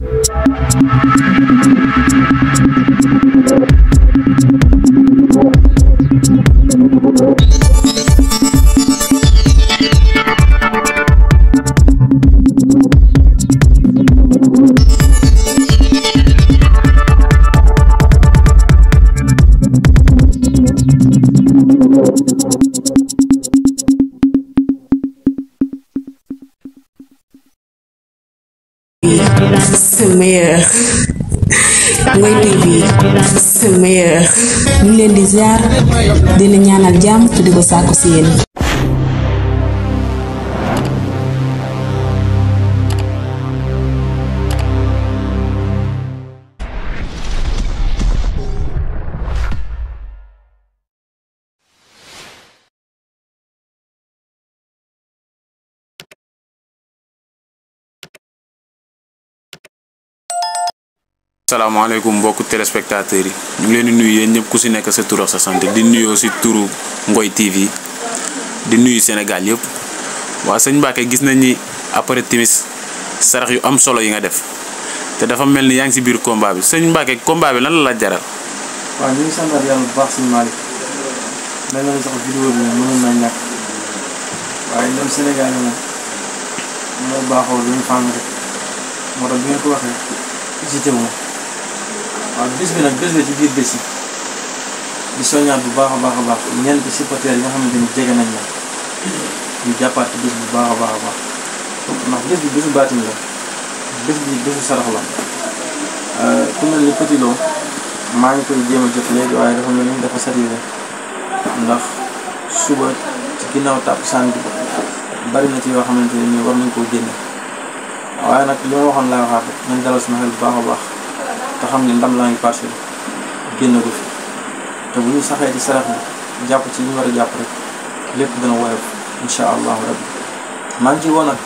Thank you. c'est meilleur Ngoye TV c'est meilleur leen di ziar di leen ñaanal jàmm te di ko sàkku si salaamaaleykum mbokku téléspectateurs yi ñu ngi leen di nuyu yéen ñëpp ku ci nekk sa tur sa sant di nuyoo si turu Ngoy TV di nuyu Sénégal yëpp waaw sëñ Mbacke gis nañ ni après timis sarax yu am solo yi nga def te dafa mel ni yaa ngi ci biir combat bi sëñ Mbacke combat bi lan la la jaral. waaw ñu ngi waaw bis bi nag bés la ci biir bés yi di soññaat bu baax a baax a baax ñeent supporters yi nga xamante ni jege nañ la ñu jàppaat ci bés bu baax a baax a baax ndax bés bi bésu baatin la bés bi bésu sarax la euh, ku mel ni Petit maa ngi koy jéem a jot léegi waaye dafa mel ni dafa saturé ndax suba ci ginnaaw tàpp sànni bari na ci yoo xamante ne nii war nañ koo génne waaye nag li ma waxoon laa waxaat nañ dalal sama xel bu baax a baax. te xam ne ndam laa ngi passé génn gu fi te bu ñu saxee ci sarax bi jàpp ci li ñu war a jàpp rek lépp dana woyof incha allahu rabbi maa ngi ci woon ak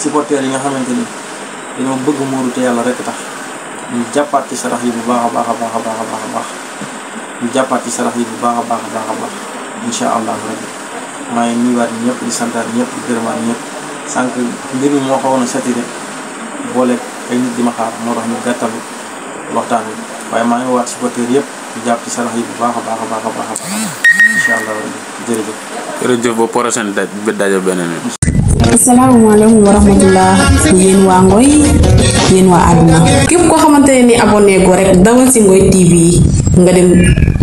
supporters yi nga xamante ni dañoo bëgg muuru te yàlla rek tax ñu jàppaat ci sarax yi bu baax a baax a baax a baax a baax a baax ñu jàppaat ci sarax yi bu baax a baax a baax a baax allahu rabbi maa ngi nuyuwaat ñëpp di santaat ñëpp di gërëmaat ñëpp sànq mbir mi moo xawoon a satiré ay nit di ma xaar moo tax ñu gàttalu waxtaan wi waaye maa ngi waat wa rahmatullah waa Ngoy yéen waa àdduna képp koo xamante ni abonné ko rek dawal si Ngoy TV nga dem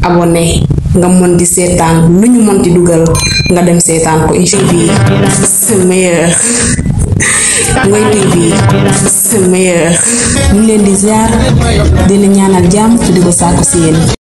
abonné nga mën di seetaan lu ñu mën di dugal nga dem seetaan ko incha allah c'est meilleur Way TV c'est meilleur ñu leen di ziar di leen ñaanal jàmm ci di ko sàkku si yéen